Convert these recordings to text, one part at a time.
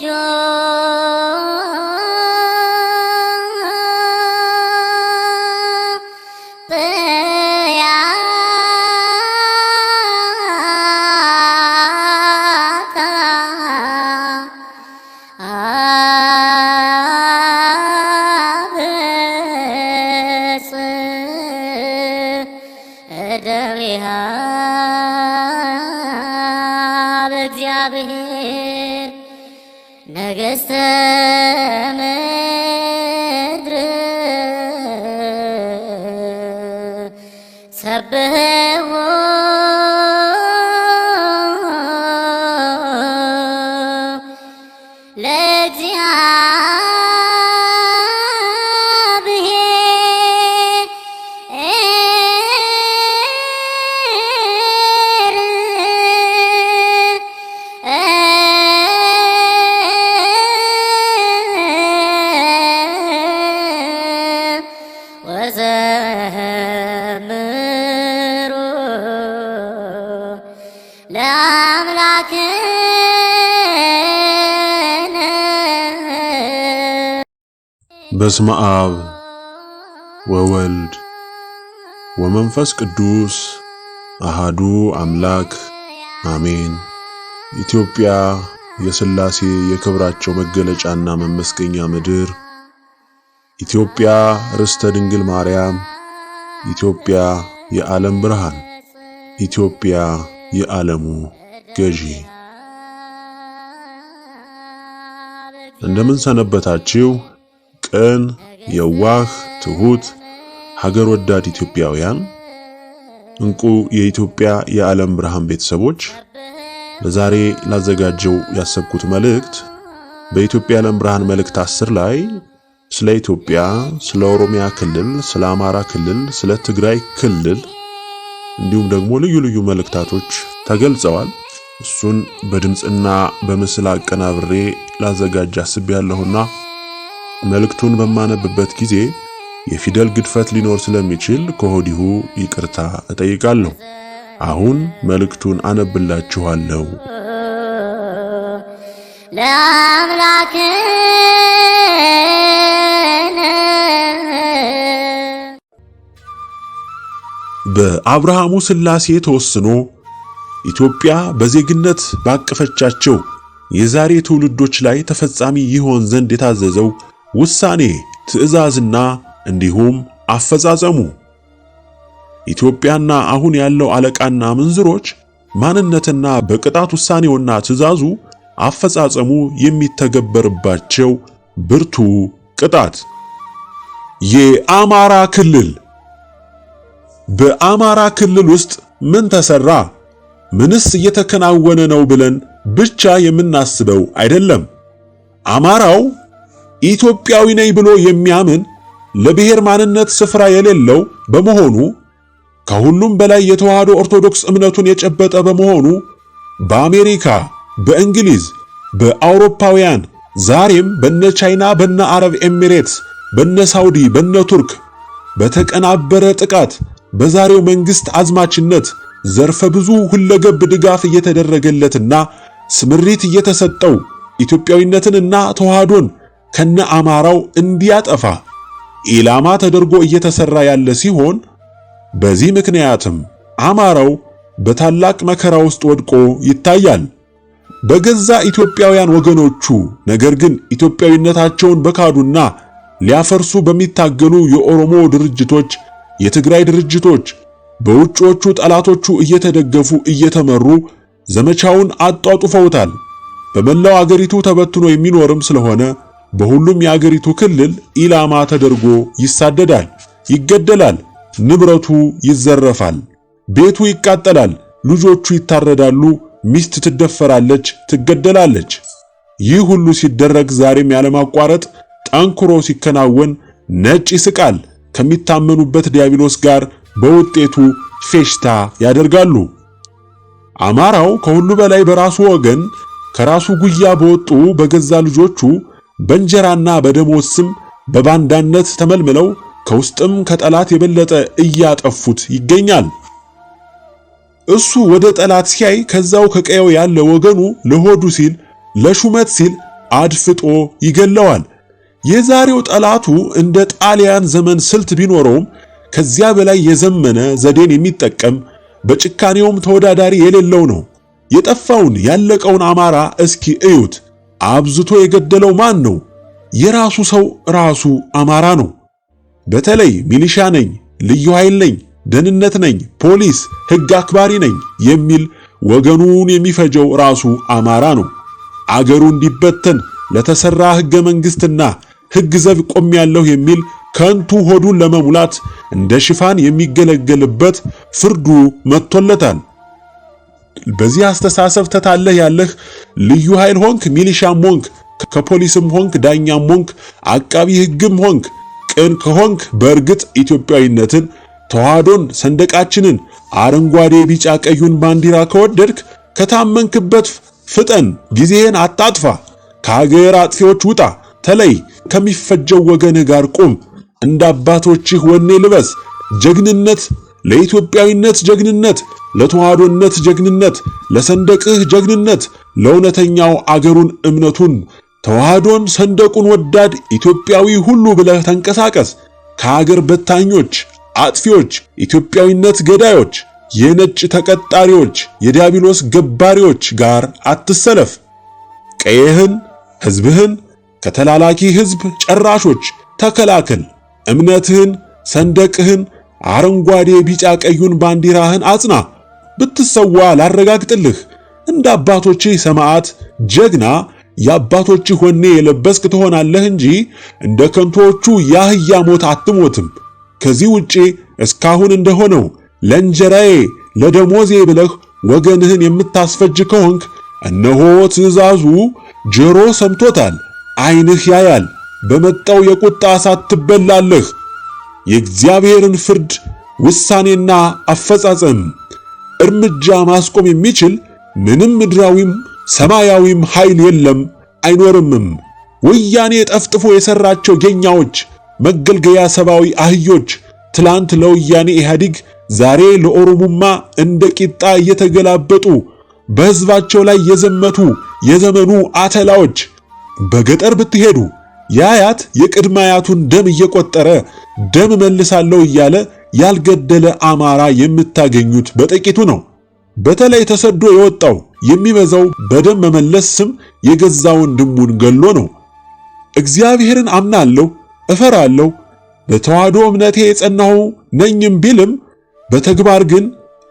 就。በስመ አብ ወወልድ ወመንፈስ ቅዱስ አሃዱ አምላክ አሜን። ኢትዮጵያ የሥላሴ የክብራቸው መገለጫና መመስገኛ ምድር፣ ኢትዮጵያ ርስተ ድንግል ማርያም፣ ኢትዮጵያ የዓለም ብርሃን፣ ኢትዮጵያ የዓለሙ ገዢ እንደምን ሰነበታችሁ? ቅን፣ የዋህ፣ ትሁት ሀገር ወዳድ ኢትዮጵያውያን እንቁ የኢትዮጵያ የዓለም ብርሃን ቤተሰቦች በዛሬ ላዘጋጀው ያሰብኩት መልእክት በኢትዮጵያ የዓለም ብርሃን መልእክት አስር ላይ ስለ ኢትዮጵያ፣ ስለ ኦሮሚያ ክልል፣ ስለ አማራ ክልል፣ ስለ ትግራይ ክልል እንዲሁም ደግሞ ልዩ ልዩ መልእክታቶች ተገልጸዋል። እሱን በድምፅና በምስል አቀናብሬ ላዘጋጅ አስቤያለሁና መልእክቱን በማነብበት ጊዜ የፊደል ግድፈት ሊኖር ስለሚችል ከሆዲሁ ይቅርታ እጠይቃለሁ። አሁን መልእክቱን አነብላችኋለሁ። በአብርሃሙ ሥላሴ ተወስኖ ኢትዮጵያ በዜግነት ባቀፈቻቸው የዛሬ ትውልዶች ላይ ተፈጻሚ ይሆን ዘንድ የታዘዘው ውሳኔ፣ ትዕዛዝና እንዲሁም አፈጻጸሙ ኢትዮጵያና አሁን ያለው አለቃና ምንዝሮች ማንነትና በቅጣት ውሳኔውና ትዕዛዙ አፈጻጸሙ የሚተገበርባቸው ብርቱ ቅጣት። የአማራ ክልል በአማራ ክልል ውስጥ ምን ተሰራ፣ ምንስ እየተከናወነ ነው ብለን ብቻ የምናስበው አይደለም። አማራው ኢትዮጵያዊ ነኝ ብሎ የሚያምን ለብሔር ማንነት ስፍራ የሌለው በመሆኑ ከሁሉም በላይ የተዋህዶ ኦርቶዶክስ እምነቱን የጨበጠ በመሆኑ በአሜሪካ፣ በእንግሊዝ፣ በአውሮፓውያን ዛሬም በነ ቻይና፣ በነ አረብ ኤሚሬትስ፣ በነ ሳውዲ፣ በነ ቱርክ በተቀናበረ ጥቃት በዛሬው መንግስት አዝማችነት ዘርፈ ብዙ ሁለገብ ድጋፍ እየተደረገለትና ስምሪት እየተሰጠው ኢትዮጵያዊነትንና ተዋህዶን ከነ አማራው እንዲያጠፋ ኢላማ ተደርጎ እየተሰራ ያለ ሲሆን በዚህ ምክንያትም አማራው በታላቅ መከራ ውስጥ ወድቆ ይታያል። በገዛ ኢትዮጵያውያን ወገኖቹ ነገር ግን ኢትዮጵያዊነታቸውን በካዱና ሊያፈርሱ በሚታገሉ የኦሮሞ ድርጅቶች፣ የትግራይ ድርጅቶች በውጮቹ ጠላቶቹ እየተደገፉ እየተመሩ ዘመቻውን አጧጡፈውታል። በመላው አገሪቱ ተበትኖ የሚኖርም ስለሆነ በሁሉም የአገሪቱ ክልል ኢላማ ተደርጎ ይሳደዳል፣ ይገደላል፣ ንብረቱ ይዘረፋል፣ ቤቱ ይቃጠላል፣ ልጆቹ ይታረዳሉ፣ ሚስት ትደፈራለች፣ ትገደላለች። ይህ ሁሉ ሲደረግ ዛሬም ያለማቋረጥ ጠንክሮ ሲከናወን ነጭ ይስቃል፣ ከሚታመኑበት ዲያብሎስ ጋር በውጤቱ ፌሽታ ያደርጋሉ። አማራው ከሁሉ በላይ በራሱ ወገን ከራሱ ጉያ በወጡ በገዛ ልጆቹ በእንጀራና በደሞዝ ስም በባንዳነት ተመልምለው ከውስጥም ከጠላት የበለጠ እያጠፉት ይገኛል። እሱ ወደ ጠላት ሲያይ ከዛው ከቀየው ያለ ወገኑ ለሆዱ ሲል ለሹመት ሲል አድፍጦ ይገለዋል። የዛሬው ጠላቱ እንደ ጣሊያን ዘመን ስልት ቢኖረውም ከዚያ በላይ የዘመነ ዘዴን የሚጠቀም በጭካኔውም ተወዳዳሪ የሌለው ነው። የጠፋውን ያለቀውን አማራ እስኪ እዩት። አብዝቶ የገደለው ማን ነው? የራሱ ሰው ራሱ አማራ ነው። በተለይ ሚሊሻ ነኝ፣ ልዩ ኃይል ነኝ፣ ደህንነት ነኝ፣ ፖሊስ፣ ህግ አክባሪ ነኝ የሚል ወገኑን የሚፈጀው ራሱ አማራ ነው። አገሩ እንዲበተን ለተሰራ ህገ መንግስትና ህግ ዘብ ያለው የሚል ከንቱ ሆዱን ለመሙላት እንደ ሽፋን የሚገለገልበት ፍርዱ መጥቶለታል። በዚህ አስተሳሰብ ተታለህ ያለህ ልዩ ኃይል ሆንክ፣ ሚሊሻም ሆንክ፣ ከፖሊስም ሆንክ፣ ዳኛም ሆንክ፣ አቃቢ ሕግም ሆንክ ቅን ከሆንክ በእርግጥ ኢትዮጵያዊነትን፣ ተዋህዶን፣ ሰንደቃችንን፣ አረንጓዴ ቢጫ ቀዩን ባንዲራ ከወደድክ ከታመንክበት ፍጠን፣ ጊዜህን አታጥፋ፣ ከሀገር አጥፊዎች ውጣ፣ ተለይ፣ ከሚፈጀው ወገንህ ጋር ቁም፣ እንደ አባቶችህ ወኔ ልበስ ጀግንነት ለኢትዮጵያዊነት ጀግንነት፣ ለተዋህዶነት ጀግንነት፣ ለሰንደቅህ ጀግንነት፣ ለእውነተኛው አገሩን እምነቱን ተዋህዶን ሰንደቁን ወዳድ ኢትዮጵያዊ ሁሉ ብለህ ተንቀሳቀስ። ከአገር በታኞች፣ አጥፊዎች፣ ኢትዮጵያዊነት ገዳዮች፣ የነጭ ተቀጣሪዎች፣ የዲያብሎስ ገባሪዎች ጋር አትሰለፍ። ቀየህን፣ ሕዝብህን ከተላላኪ ሕዝብ ጨራሾች ተከላከል። እምነትህን፣ ሰንደቅህን አረንጓዴ፣ ቢጫ፣ ቀዩን ባንዲራህን አጽና፣ ብትሰዋ ላረጋግጥልህ። እንደ አባቶችህ ሰማዕት ጀግና የአባቶችህ ወኔ የለበስክ ትሆናለህ እንጂ እንደ ከንቶቹ ያህያ ሞት አትሞትም። ከዚህ ውጪ እስካሁን እንደሆነው ለእንጀራዬ ለደሞዜ ብለህ ወገንህን የምታስፈጅ ከሆንክ እነሆ ትእዛዙ ጆሮ ሰምቶታል፣ ዓይንህ ያያል። በመጣው የቁጣ እሳት ትበላለህ። የእግዚአብሔርን ፍርድ ውሳኔና አፈጻጸም እርምጃ ማስቆም የሚችል ምንም ምድራዊም ሰማያዊም ኃይል የለም አይኖርምም። ወያኔ ጠፍጥፎ የሰራቸው ጌኛዎች፣ መገልገያ ሰብአዊ አህዮች ትላንት ለወያኔ ኢህአዲግ ዛሬ ለኦሮሙማ እንደ ቂጣ እየተገላበጡ በህዝባቸው ላይ የዘመቱ የዘመኑ አተላዎች በገጠር ብትሄዱ የአያት የቅድመ አያቱን ደም እየቆጠረ ደም መልሳለሁ እያለ ያልገደለ አማራ የምታገኙት በጥቂቱ ነው። በተለይ ተሰዶ የወጣው የሚበዛው በደም መመለስ ስም የገዛ ወንድሙን ገሎ ነው። እግዚአብሔርን አምናለሁ እፈራለሁ፣ በተዋህዶ እምነቴ የጸናሁ ነኝም ቢልም በተግባር ግን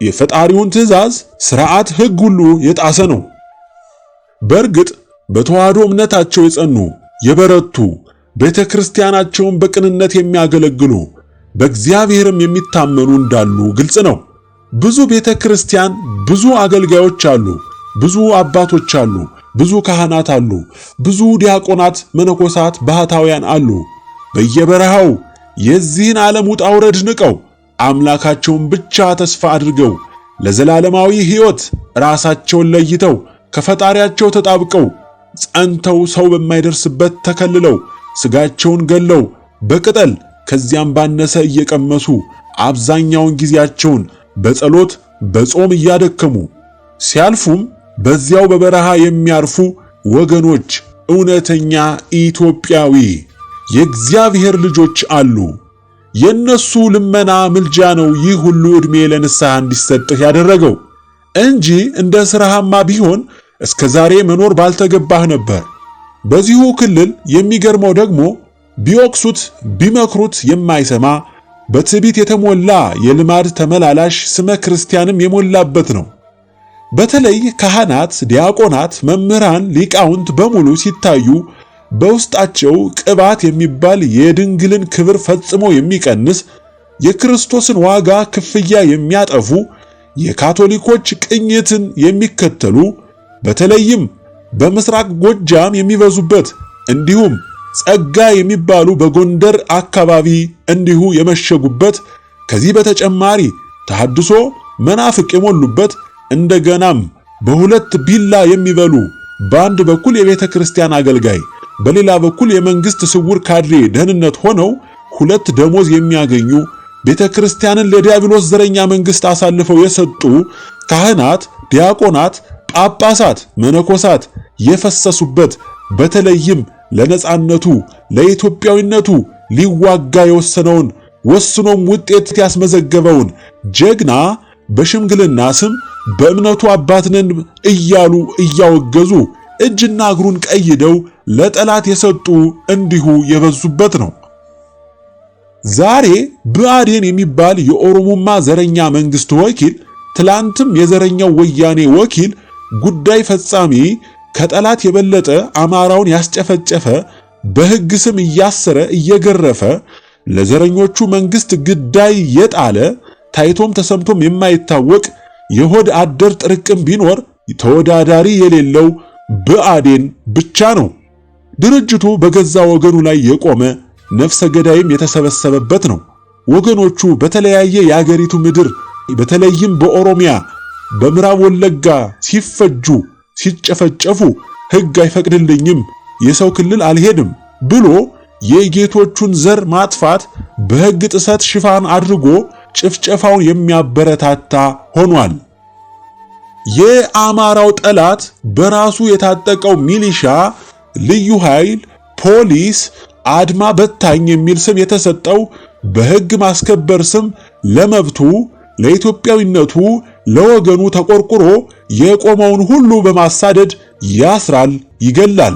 የፈጣሪውን ትእዛዝ፣ ሥርዓት፣ ሕግ ሁሉ የጣሰ ነው። በእርግጥ በተዋህዶ እምነታቸው የጸኑ የበረቱ ቤተ ክርስቲያናቸውን በቅንነት የሚያገለግሉ በእግዚአብሔርም የሚታመኑ እንዳሉ ግልጽ ነው። ብዙ ቤተ ክርስቲያን ብዙ አገልጋዮች አሉ፣ ብዙ አባቶች አሉ፣ ብዙ ካህናት አሉ፣ ብዙ ዲያቆናት፣ መነኮሳት፣ ባህታውያን አሉ። በየበረሃው የዚህን ዓለም ውጣ ውረድ ንቀው አምላካቸውን ብቻ ተስፋ አድርገው ለዘላለማዊ ሕይወት ራሳቸውን ለይተው ከፈጣሪያቸው ተጣብቀው ጸንተው ሰው በማይደርስበት ተከልለው ስጋቸውን ገለው በቅጠል ከዚያም ባነሰ እየቀመሱ አብዛኛውን ጊዜያቸውን በጸሎት በጾም እያደከሙ ሲያልፉም በዚያው በበረሃ የሚያርፉ ወገኖች እውነተኛ ኢትዮጵያዊ የእግዚአብሔር ልጆች አሉ። የነሱ ልመና ምልጃ ነው ይህ ሁሉ ዕድሜ ለንስሐ እንዲሰጥህ ያደረገው እንጂ እንደ ስራሃማ ቢሆን እስከ ዛሬ መኖር ባልተገባህ ነበር። በዚሁ ክልል የሚገርመው ደግሞ ቢወቅሱት ቢመክሩት የማይሰማ በትዕቢት የተሞላ የልማድ ተመላላሽ ስመ ክርስቲያንም የሞላበት ነው። በተለይ ካህናት፣ ዲያቆናት፣ መምህራን፣ ሊቃውንት በሙሉ ሲታዩ በውስጣቸው ቅባት የሚባል የድንግልን ክብር ፈጽሞ የሚቀንስ የክርስቶስን ዋጋ ክፍያ የሚያጠፉ የካቶሊኮች ቅኝትን የሚከተሉ በተለይም በምስራቅ ጎጃም የሚበዙበት እንዲሁም ጸጋ የሚባሉ በጎንደር አካባቢ እንዲሁ የመሸጉበት ከዚህ በተጨማሪ ተሐድሶ መናፍቅ የሞሉበት እንደገናም በሁለት ቢላ የሚበሉ በአንድ በኩል የቤተ ክርስቲያን አገልጋይ በሌላ በኩል የመንግስት ስውር ካድሬ ደህንነት ሆነው ሁለት ደሞዝ የሚያገኙ ቤተ ክርስቲያንን ለዲያብሎስ ዘረኛ መንግስት አሳልፈው የሰጡ ካህናት፣ ዲያቆናት ጳጳሳት፣ መነኮሳት የፈሰሱበት በተለይም ለነጻነቱ ለኢትዮጵያዊነቱ ሊዋጋ የወሰነውን ወስኖም ውጤት ያስመዘገበውን ጀግና በሽምግልና ስም በእምነቱ አባትነን እያሉ እያወገዙ እጅና እግሩን ቀይደው ለጠላት የሰጡ እንዲሁ የበዙበት ነው። ዛሬ ብአዴን የሚባል የኦሮሞማ ዘረኛ መንግስት ወኪል፣ ትላንትም የዘረኛው ወያኔ ወኪል ጉዳይ ፈጻሚ ከጠላት የበለጠ አማራውን ያስጨፈጨፈ በሕግ ስም እያሰረ እየገረፈ ለዘረኞቹ መንግስት ግዳይ የጣለ ታይቶም ተሰምቶም የማይታወቅ የሆድ አደር ጥርቅም ቢኖር ተወዳዳሪ የሌለው ብአዴን ብቻ ነው። ድርጅቱ በገዛ ወገኑ ላይ የቆመ ነፍሰ ገዳይም የተሰበሰበበት ነው። ወገኖቹ በተለያየ የአገሪቱ ምድር በተለይም በኦሮሚያ በምዕራብ ወለጋ ሲፈጁ ሲጨፈጨፉ ሕግ አይፈቅድልኝም የሰው ክልል አልሄድም ብሎ የጌቶቹን ዘር ማጥፋት በሕግ ጥሰት ሽፋን አድርጎ ጭፍጨፋውን የሚያበረታታ ሆኗል። የአማራው ጠላት በራሱ የታጠቀው ሚሊሻ፣ ልዩ ኃይል፣ ፖሊስ፣ አድማ በታኝ የሚል ስም የተሰጠው በሕግ ማስከበር ስም ለመብቱ ለኢትዮጵያዊነቱ ለወገኑ ተቆርቁሮ የቆመውን ሁሉ በማሳደድ ያስራል፣ ይገላል።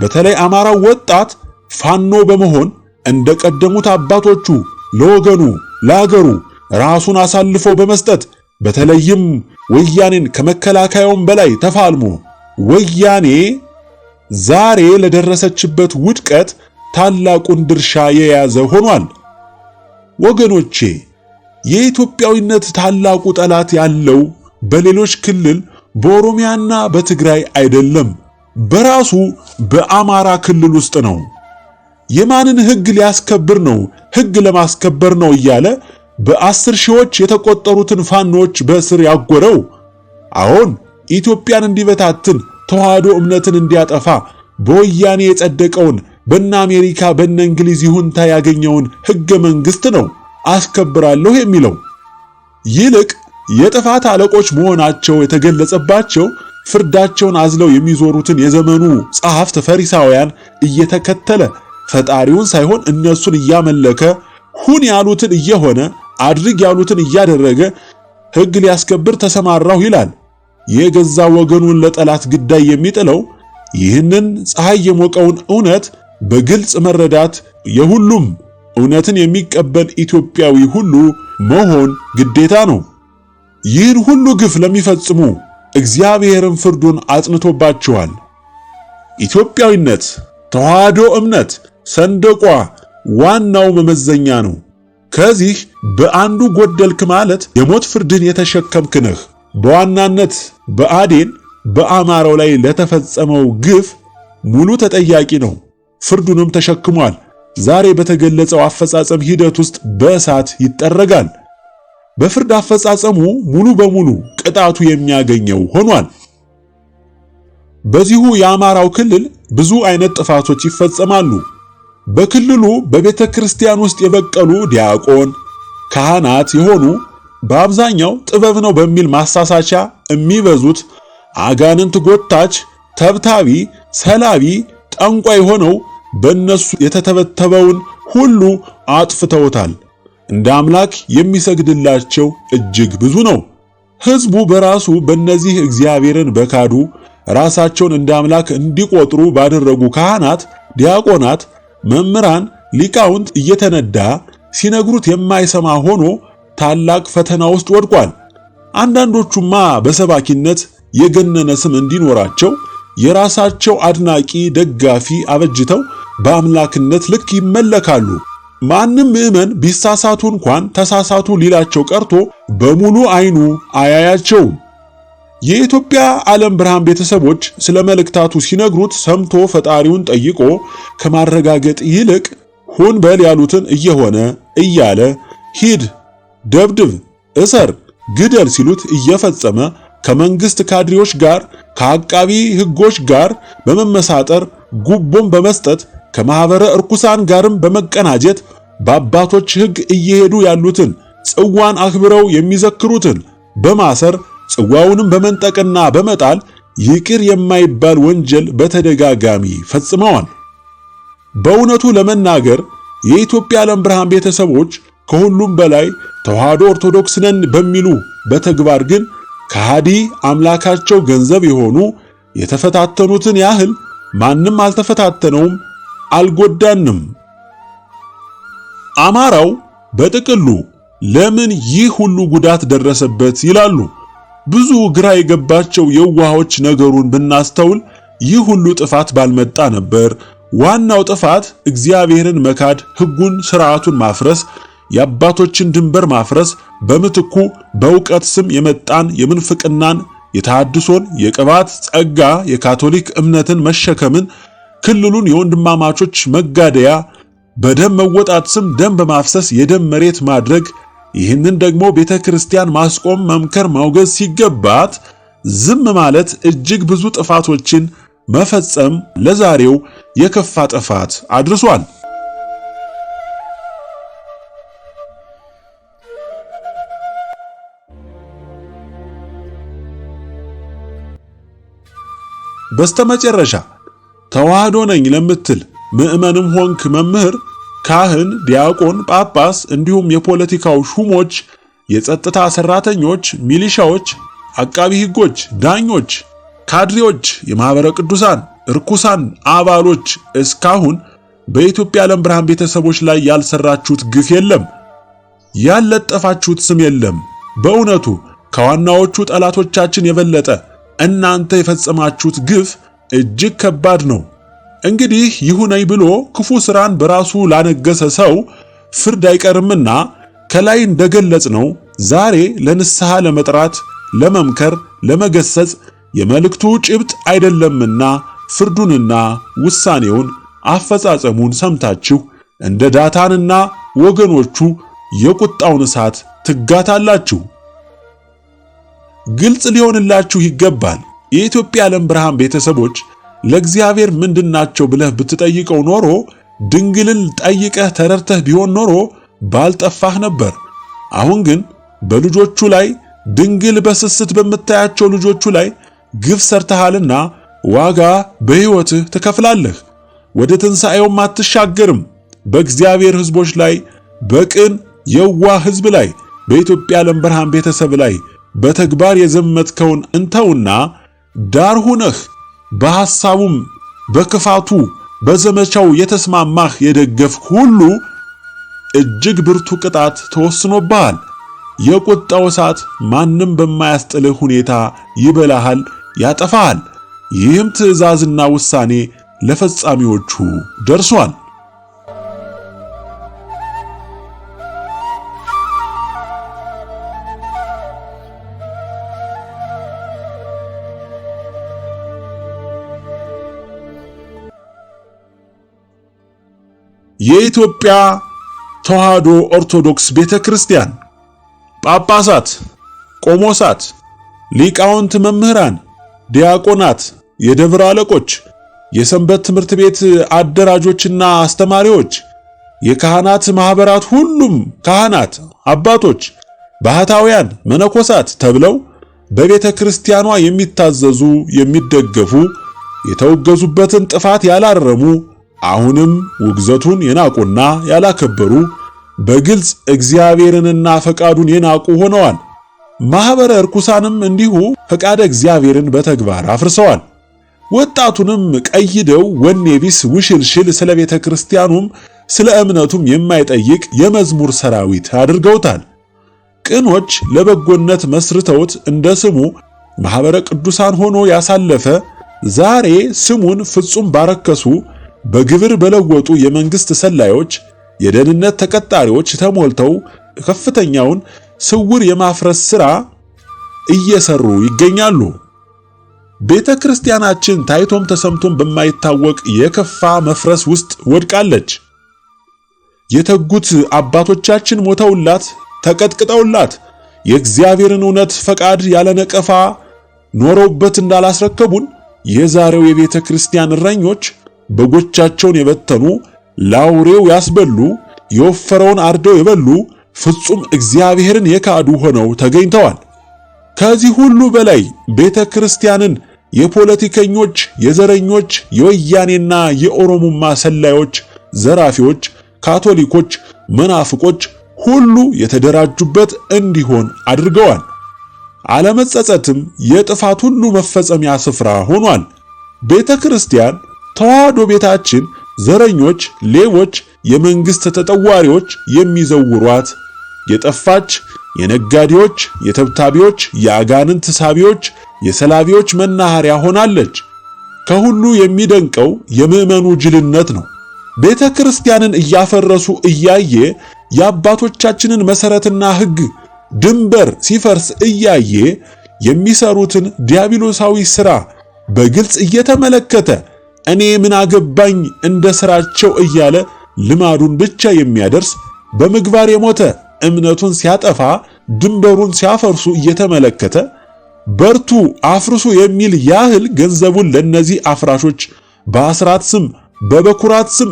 በተለይ አማራው ወጣት ፋኖ በመሆን እንደቀደሙት አባቶቹ ለወገኑ ለአገሩ ራሱን አሳልፎ በመስጠት በተለይም ወያኔን ከመከላከያውም በላይ ተፋልሞ ወያኔ ዛሬ ለደረሰችበት ውድቀት ታላቁን ድርሻ የያዘ ሆኗል። ወገኖቼ የኢትዮጵያዊነት ታላቁ ጠላት ያለው በሌሎች ክልል በኦሮሚያና በትግራይ አይደለም፣ በራሱ በአማራ ክልል ውስጥ ነው። የማንን ሕግ ሊያስከብር ነው? ሕግ ለማስከበር ነው እያለ በአስር ሺዎች የተቆጠሩትን ፋኖች በእስር ያጎረው አሁን ኢትዮጵያን እንዲበታትን ተዋህዶ እምነትን እንዲያጠፋ በወያኔ የጸደቀውን በነ አሜሪካ በነ እንግሊዝ ይሁንታ ያገኘውን ሕገ መንግሥት ነው። አስከብራለሁ የሚለው ይልቅ የጥፋት አለቆች መሆናቸው የተገለጸባቸው ፍርዳቸውን አዝለው የሚዞሩትን የዘመኑ ጸሐፍት ፈሪሳውያን እየተከተለ ፈጣሪውን ሳይሆን እነሱን እያመለከ ሁን ያሉትን እየሆነ አድርግ ያሉትን እያደረገ ሕግ ሊያስከብር ተሰማራሁ ይላል። የገዛ ወገኑን ለጠላት ግዳይ የሚጥለው ይህንን ፀሐይ የሞቀውን እውነት በግልጽ መረዳት የሁሉም እውነትን የሚቀበል ኢትዮጵያዊ ሁሉ መሆን ግዴታ ነው። ይህን ሁሉ ግፍ ለሚፈጽሙ እግዚአብሔርን ፍርዱን አጽንቶባቸዋል። ኢትዮጵያዊነት፣ ተዋህዶ እምነት ሰንደቋ ዋናው መመዘኛ ነው። ከዚህ በአንዱ ጎደልክ ማለት የሞት ፍርድን የተሸከምክ ነህ። በዋናነት በአዴን በአማራው ላይ ለተፈጸመው ግፍ ሙሉ ተጠያቂ ነው። ፍርዱንም ተሸክሟል። ዛሬ በተገለጸው አፈጻጸም ሂደት ውስጥ በእሳት ይጠረጋል። በፍርድ አፈጻጸሙ ሙሉ በሙሉ ቅጣቱ የሚያገኘው ሆኗል። በዚሁ የአማራው ክልል ብዙ አይነት ጥፋቶች ይፈጸማሉ። በክልሉ በቤተ ክርስቲያን ውስጥ የበቀሉ ዲያቆን ካህናት የሆኑ በአብዛኛው ጥበብ ነው በሚል ማሳሳቻ የሚበዙት አጋንንት ጎታች፣ ተብታቢ፣ ሰላቢ፣ ጠንቋይ ሆነው በእነሱ የተተበተበውን ሁሉ አጥፍተውታል። እንደ አምላክ የሚሰግድላቸው እጅግ ብዙ ነው። ሕዝቡ በራሱ በእነዚህ እግዚአብሔርን በካዱ ራሳቸውን እንደ አምላክ እንዲቆጥሩ ባደረጉ ካህናት፣ ዲያቆናት፣ መምህራን፣ ሊቃውንት እየተነዳ ሲነግሩት የማይሰማ ሆኖ ታላቅ ፈተና ውስጥ ወድቋል። አንዳንዶቹማ በሰባኪነት የገነነ ስም እንዲኖራቸው የራሳቸው አድናቂ ደጋፊ አበጅተው በአምላክነት ልክ ይመለካሉ። ማንም ምዕመን ቢሳሳቱ እንኳን ተሳሳቱ ሊላቸው ቀርቶ በሙሉ አይኑ አያያቸውም። የኢትዮጵያ ዓለም ብርሃን ቤተሰቦች ስለ መልእክታቱ ሲነግሩት ሰምቶ ፈጣሪውን ጠይቆ ከማረጋገጥ ይልቅ ሁን በል ያሉትን እየሆነ እያለ ሂድ፣ ደብድብ፣ እሰር፣ ግደል ሲሉት እየፈጸመ ከመንግስት ካድሬዎች ጋር ከአቃቢ ሕጎች ጋር በመመሳጠር ጉቦም በመስጠት ከማኅበረ እርኩሳን ጋርም በመቀናጀት በአባቶች ሕግ እየሄዱ ያሉትን ጽዋን አክብረው የሚዘክሩትን በማሰር ጽዋውንም በመንጠቅና በመጣል ይቅር የማይባል ወንጀል በተደጋጋሚ ፈጽመዋል። በእውነቱ ለመናገር የኢትዮጵያ ዓለም ብርሃን ቤተሰቦች ከሁሉም በላይ ተዋህዶ ኦርቶዶክስ ነን በሚሉ በተግባር ግን ከሃዲ አምላካቸው ገንዘብ የሆኑ የተፈታተኑትን ያህል ማንም አልተፈታተነውም አልጎዳንም። አማራው በጥቅሉ ለምን ይህ ሁሉ ጉዳት ደረሰበት ይላሉ። ብዙ ግራ የገባቸው የዋሆች ነገሩን ብናስተውል ይህ ሁሉ ጥፋት ባልመጣ ነበር። ዋናው ጥፋት እግዚአብሔርን መካድ፣ ሕጉን ስርዓቱን ማፍረስ፣ የአባቶችን ድንበር ማፍረስ፣ በምትኩ በእውቀት ስም የመጣን የምንፍቅናን፣ የታድሶን የቅባት ጸጋ፣ የካቶሊክ እምነትን መሸከምን ክልሉን የወንድማማቾች መጋደያ በደም መወጣት ስም ደም በማፍሰስ የደም መሬት ማድረግ ይህንን ደግሞ ቤተ ክርስቲያን ማስቆም፣ መምከር፣ ማውገዝ ሲገባት ዝም ማለት እጅግ ብዙ ጥፋቶችን መፈጸም ለዛሬው የከፋ ጥፋት አድርሷል። በስተመጨረሻ ተዋህዶ ነኝ ለምትል ምዕመንም ሆንክ መምህር፣ ካህን፣ ዲያቆን፣ ጳጳስ እንዲሁም የፖለቲካው ሹሞች፣ የጸጥታ ሰራተኞች፣ ሚሊሻዎች፣ አቃቢ ህጎች፣ ዳኞች፣ ካድሬዎች፣ የማኅበረ ቅዱሳን እርኩሳን አባሎች እስካሁን በኢትዮጵያ ዓለም ብርሃን ቤተሰቦች ላይ ያልሰራችሁት ግፍ የለም፣ ያልለጠፋችሁት ስም የለም። በእውነቱ ከዋናዎቹ ጠላቶቻችን የበለጠ እናንተ የፈጸማችሁት ግፍ እጅግ ከባድ ነው። እንግዲህ ይሁነኝ ብሎ ክፉ ሥራን በራሱ ላነገሰ ሰው ፍርድ አይቀርምና ከላይ እንደገለጽ ነው ዛሬ ለንስሐ ለመጥራት፣ ለመምከር፣ ለመገሰጽ የመልእክቱ ጭብጥ አይደለምና ፍርዱንና ውሳኔውን አፈጻጸሙን ሰምታችሁ እንደ ዳታንና ወገኖቹ የቁጣውን እሳት ትጋታላችሁ። ግልጽ ሊሆንላችሁ ይገባል። የኢትዮጵያ ዓለም ብርሃን ቤተሰቦች ለእግዚአብሔር ምንድናቸው ብለህ ብትጠይቀው ኖሮ ድንግልን ጠይቀህ ተረድተህ ቢሆን ኖሮ ባልጠፋህ ነበር። አሁን ግን በልጆቹ ላይ ድንግል በስስት በምታያቸው ልጆቹ ላይ ግፍ ሰርተሃልና ዋጋ በሕይወትህ ትከፍላለህ። ወደ ትንሣኤውም አትሻገርም። በእግዚአብሔር ሕዝቦች ላይ በቅን የዋ ሕዝብ ላይ በኢትዮጵያ ዓለም ብርሃን ቤተሰብ ላይ በተግባር የዘመትከውን እንተውና ዳር ሆነህ በሐሳቡም በክፋቱ በዘመቻው የተስማማህ የደገፍህ ሁሉ እጅግ ብርቱ ቅጣት ተወስኖብሃል። የቁጣው እሳት ማንም በማያስጥልህ ሁኔታ ይበላሃል፣ ያጠፋሃል። ይህም ትእዛዝና ውሳኔ ለፈጻሚዎቹ ደርሷል። የኢትዮጵያ ተዋህዶ ኦርቶዶክስ ቤተ ክርስቲያን ጳጳሳት፣ ቆሞሳት፣ ሊቃውንት መምህራን፣ ዲያቆናት፣ የደብር አለቆች፣ የሰንበት ትምህርት ቤት አደራጆችና አስተማሪዎች፣ የካህናት ማኅበራት፣ ሁሉም ካህናት አባቶች፣ ባህታውያን፣ መነኮሳት ተብለው በቤተ ክርስቲያኗ የሚታዘዙ የሚደገፉ የተወገዙበትን ጥፋት ያላረሙ አሁንም ውግዘቱን የናቁና ያላከበሩ በግልጽ እግዚአብሔርንና ፈቃዱን የናቁ ሆነዋል። ማኅበረ ርኩሳንም እንዲሁ ፈቃደ እግዚአብሔርን በተግባር አፍርሰዋል። ወጣቱንም ቀይደው ወኔ ቢስ ውሽልሽል ስለ ቤተ ክርስቲያኑም ስለ እምነቱም የማይጠይቅ የመዝሙር ሰራዊት አድርገውታል። ቅኖች ለበጎነት መስርተውት እንደ ስሙ ማኅበረ ቅዱሳን ሆኖ ያሳለፈ ዛሬ ስሙን ፍጹም ባረከሱ በግብር በለወጡ የመንግስት ሰላዮች፣ የደህንነት ተቀጣሪዎች ተሞልተው ከፍተኛውን ስውር የማፍረስ ሥራ እየሰሩ ይገኛሉ። ቤተ ክርስቲያናችን ታይቶም ተሰምቶም በማይታወቅ የከፋ መፍረስ ውስጥ ወድቃለች። የተጉት አባቶቻችን ሞተውላት ተቀጥቅጠውላት የእግዚአብሔርን እውነት ፈቃድ ያለ ነቀፋ ኖረውበት እንዳላስረከቡን የዛሬው የቤተ ክርስቲያን እረኞች በጎቻቸውን የበተኑ ላውሬው ያስበሉ የወፈረውን አርደው የበሉ ፍጹም እግዚአብሔርን የካዱ ሆነው ተገኝተዋል። ከዚህ ሁሉ በላይ ቤተ ክርስቲያንን የፖለቲከኞች፣ የዘረኞች፣ የወያኔና የኦሮሙማ ሰላዮች፣ ዘራፊዎች፣ ካቶሊኮች፣ መናፍቆች ሁሉ የተደራጁበት እንዲሆን አድርገዋል። አለመጸጸትም የጥፋት ሁሉ መፈጸሚያ ስፍራ ሆኗል። ቤተ ክርስቲያን ተዋህዶ ቤታችን ዘረኞች፣ ሌቦች፣ የመንግስት ተጠዋሪዎች የሚዘውሯት የጠፋች የነጋዴዎች፣ የተብታቢዎች፣ የአጋንንት ሳቢዎች፣ የሰላቢዎች መናኸሪያ ሆናለች። ከሁሉ የሚደንቀው የምዕመኑ ጅልነት ነው። ቤተ ክርስቲያንን እያፈረሱ እያየ የአባቶቻችንን መሰረትና ሕግ ድንበር ሲፈርስ እያየ የሚሰሩትን ዲያብሎሳዊ ሥራ በግልጽ እየተመለከተ እኔ ምን አገባኝ እንደ ስራቸው እያለ ልማዱን ብቻ የሚያደርስ በምግባር የሞተ እምነቱን ሲያጠፋ ድንበሩን ሲያፈርሱ እየተመለከተ በርቱ አፍርሱ የሚል ያህል ገንዘቡን ለነዚህ አፍራሾች በአስራት ስም በበኩራት ስም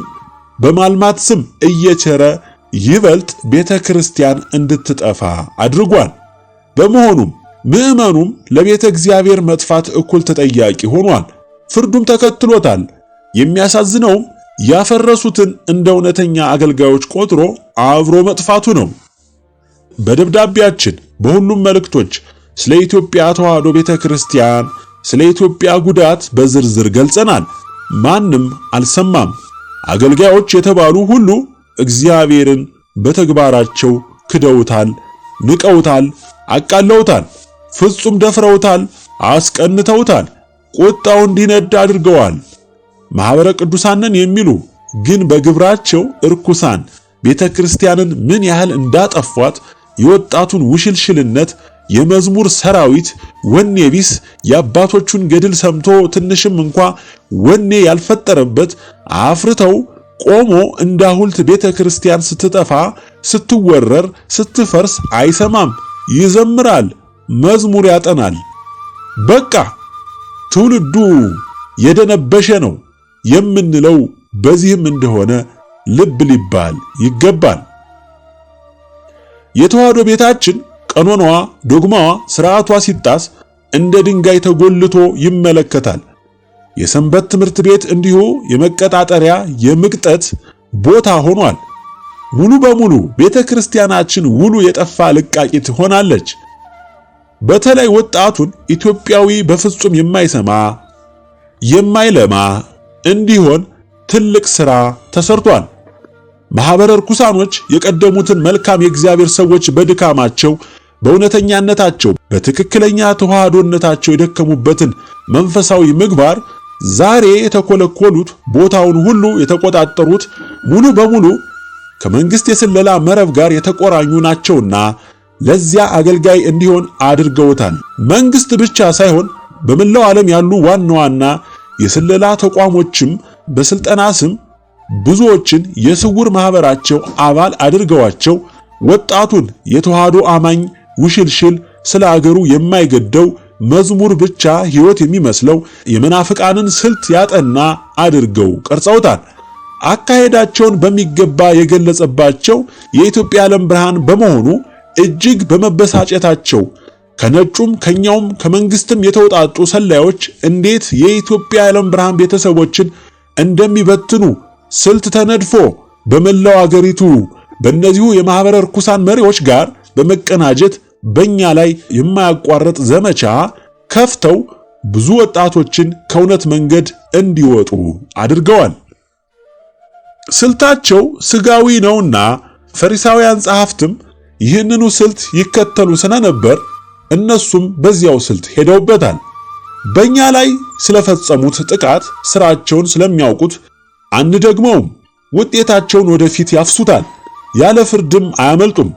በማልማት ስም እየቸረ ይበልጥ ቤተ ክርስቲያን እንድትጠፋ አድርጓል። በመሆኑም ምዕመኑም ለቤተ እግዚአብሔር መጥፋት እኩል ተጠያቂ ሆኗል። ፍርዱም ተከትሎታል። የሚያሳዝነውም ያፈረሱትን እንደ እውነተኛ አገልጋዮች ቆጥሮ አብሮ መጥፋቱ ነው። በደብዳቤያችን በሁሉም መልእክቶች ስለ ኢትዮጵያ ተዋሕዶ ቤተ ክርስቲያን፣ ስለ ኢትዮጵያ ጉዳት በዝርዝር ገልጸናል። ማንም አልሰማም። አገልጋዮች የተባሉ ሁሉ እግዚአብሔርን በተግባራቸው ክደውታል፣ ንቀውታል፣ አቃለውታል፣ ፍጹም ደፍረውታል፣ አስቀንተውታል። ቁጣው እንዲነድ አድርገዋል። ማኅበረ ቅዱሳንን የሚሉ ግን በግብራቸው እርኩሳን ቤተ ክርስቲያንን ምን ያህል እንዳጠፏት የወጣቱን ውሽልሽልነት የመዝሙር ሰራዊት ወኔ ቢስ የአባቶቹን ገድል ሰምቶ ትንሽም እንኳ ወኔ ያልፈጠረበት አፍርተው ቆሞ እንደ ሐውልት ቤተ ክርስቲያን ስትጠፋ፣ ስትወረር፣ ስትፈርስ አይሰማም፣ ይዘምራል፣ መዝሙር ያጠናል። በቃ ትውልዱ የደነበሸ ነው የምንለው በዚህም እንደሆነ ልብ ሊባል ይገባል። የተዋህዶ ቤታችን ቀኖኗ፣ ዶግማዋ፣ ስርዓቷ ሲጣስ እንደ ድንጋይ ተጎልቶ ይመለከታል። የሰንበት ትምህርት ቤት እንዲሁ የመቀጣጠሪያ የምቅጠት ቦታ ሆኗል። ሙሉ በሙሉ ቤተ ክርስቲያናችን ውሉ የጠፋ ልቃቂ ትሆናለች። በተለይ ወጣቱን ኢትዮጵያዊ በፍጹም የማይሰማ የማይለማ እንዲሆን ትልቅ ሥራ ተሰርቷል። ማኅበረ ርኩሳኖች የቀደሙትን መልካም የእግዚአብሔር ሰዎች በድካማቸው በእውነተኛነታቸው በትክክለኛ ተዋህዶነታቸው የደከሙበትን መንፈሳዊ ምግባር ዛሬ የተኮለኮሉት ቦታውን ሁሉ የተቆጣጠሩት ሙሉ በሙሉ ከመንግሥት የስለላ መረብ ጋር የተቆራኙ ናቸውና ለዚያ አገልጋይ እንዲሆን አድርገውታል። መንግስት ብቻ ሳይሆን በመላው ዓለም ያሉ ዋና ዋና የስለላ ተቋሞችም በስልጠና ስም ብዙዎችን የስውር ማህበራቸው አባል አድርገዋቸው ወጣቱን የተዋህዶ አማኝ ውሽልሽል ስለ አገሩ የማይገደው መዝሙር ብቻ ሕይወት የሚመስለው የመናፍቃንን ስልት ያጠና አድርገው ቀርጸውታል። አካሄዳቸውን በሚገባ የገለጸባቸው የኢትዮጵያ ዓለም ብርሃን በመሆኑ እጅግ በመበሳጨታቸው ከነጩም ከኛውም ከመንግስትም የተውጣጡ ሰላዮች እንዴት የኢትዮጵያ የዓለም ብርሃን ቤተሰቦችን እንደሚበትኑ ስልት ተነድፎ በመላው አገሪቱ በእነዚሁ የማህበረ ርኩሳን መሪዎች ጋር በመቀናጀት በእኛ ላይ የማያቋርጥ ዘመቻ ከፍተው ብዙ ወጣቶችን ከእውነት መንገድ እንዲወጡ አድርገዋል። ስልታቸው ስጋዊ ነውና ፈሪሳውያን ጸሐፍትም ይህንኑ ስልት ይከተሉ ስለነበር እነሱም በዚያው ስልት ሄደውበታል። በእኛ ላይ ስለፈጸሙት ጥቃት ስራቸውን ስለሚያውቁት አንደግመውም። ውጤታቸውን ወደፊት ያፍሱታል። ያለ ፍርድም አያመልጡም።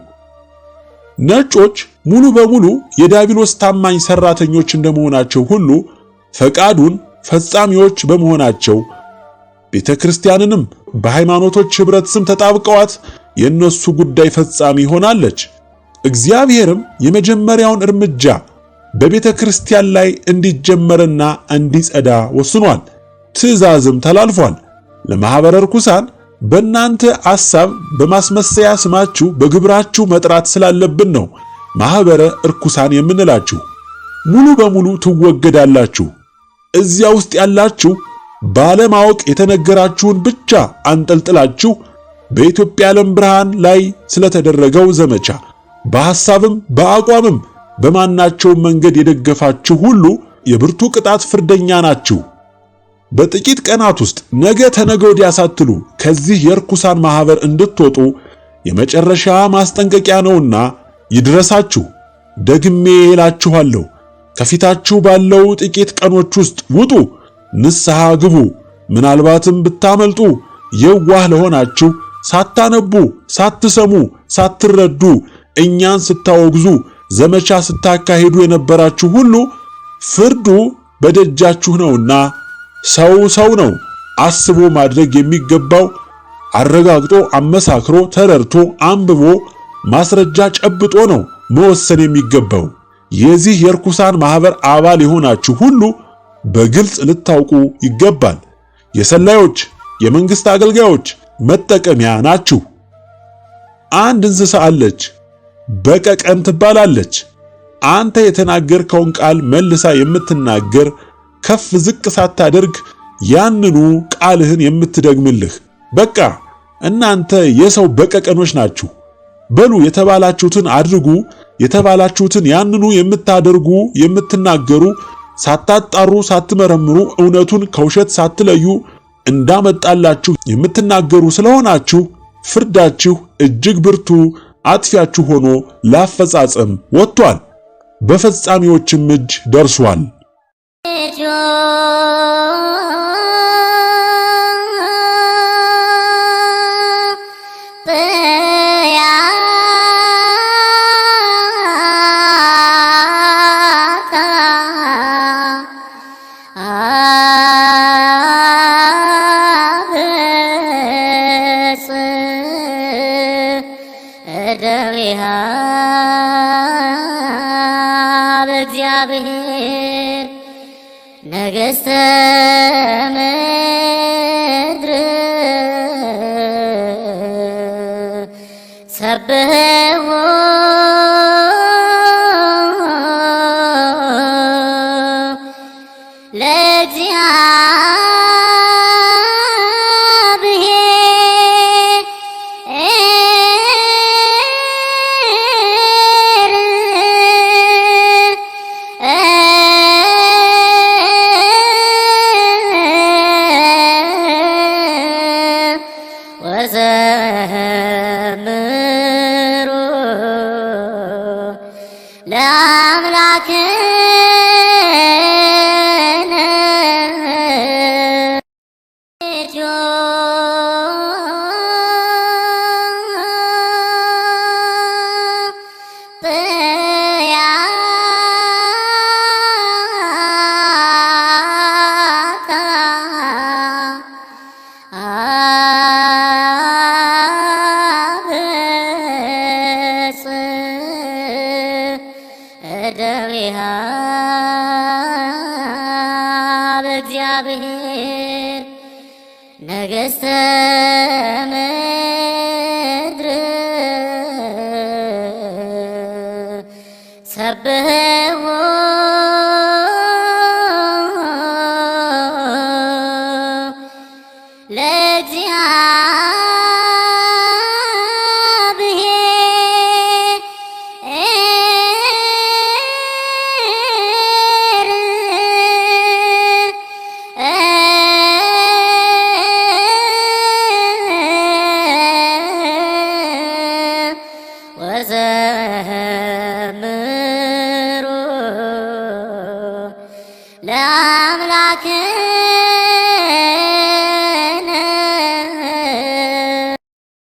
ነጮች ሙሉ በሙሉ የዳቢሎስ ታማኝ ሰራተኞች እንደመሆናቸው ሁሉ ፈቃዱን ፈጻሚዎች በመሆናቸው ቤተ ክርስቲያንንም በሃይማኖቶች ኅብረት ስም ተጣብቀዋት የእነሱ ጉዳይ ፈጻሚ ሆናለች። እግዚአብሔርም የመጀመሪያውን እርምጃ በቤተ ክርስቲያን ላይ እንዲጀመርና እንዲጸዳ ወስኗል። ትእዛዝም ተላልፏል። ለማኅበረ ርኩሳን በእናንተ አሳብ በማስመሰያ ስማችሁ በግብራችሁ መጥራት ስላለብን ነው ማኅበረ ርኩሳን የምንላችሁ። ሙሉ በሙሉ ትወገዳላችሁ። እዚያ ውስጥ ያላችሁ ባለማወቅ የተነገራችሁን ብቻ አንጠልጥላችሁ በኢትዮጵያ ዓለም ብርሃን ላይ ስለተደረገው ዘመቻ በሐሳብም በአቋምም በማናቸውም መንገድ የደገፋችሁ ሁሉ የብርቱ ቅጣት ፍርደኛ ናችሁ። በጥቂት ቀናት ውስጥ ነገ ተነገ ወዲያ ሳትሉ ከዚህ የርኩሳን ማህበር እንድትወጡ የመጨረሻ ማስጠንቀቂያ ነውና ይድረሳችሁ። ደግሜ እላችኋለሁ ከፊታችሁ ባለው ጥቂት ቀኖች ውስጥ ውጡ። ንስሐ ግቡ። ምናልባትም ብታመልጡ የዋህ ለሆናችሁ ሳታነቡ፣ ሳትሰሙ፣ ሳትረዱ እኛን ስታወግዙ ዘመቻ ስታካሄዱ የነበራችሁ ሁሉ ፍርዱ በደጃችሁ ነውና ሰው ሰው ነው። አስቦ ማድረግ የሚገባው አረጋግጦ አመሳክሮ ተረድቶ አንብቦ ማስረጃ ጨብጦ ነው መወሰን የሚገባው። የዚህ የርኩሳን ማህበር አባል የሆናችሁ ሁሉ በግልጽ ልታውቁ ይገባል። የሰላዮች የመንግስት አገልጋዮች መጠቀሚያ ናችሁ። አንድ እንስሳ አለች፣ በቀቀን ትባላለች። አንተ የተናገርከውን ቃል መልሳ የምትናገር ከፍ ዝቅ ሳታደርግ ያንኑ ቃልህን የምትደግምልህ። በቃ እናንተ የሰው በቀቀኖች ናችሁ። በሉ የተባላችሁትን አድርጉ፣ የተባላችሁትን ያንኑ የምታደርጉ የምትናገሩ ሳታጣሩ ሳትመረምሩ እውነቱን ከውሸት ሳትለዩ እንዳመጣላችሁ የምትናገሩ ስለሆናችሁ ፍርዳችሁ እጅግ ብርቱ አጥፊያችሁ ሆኖ ላፈጻጸም ወጥቷል፣ በፈጻሚዎችም እጅ ደርሷል። ለበሪሃ በእግዚአብሔር ነገሥተ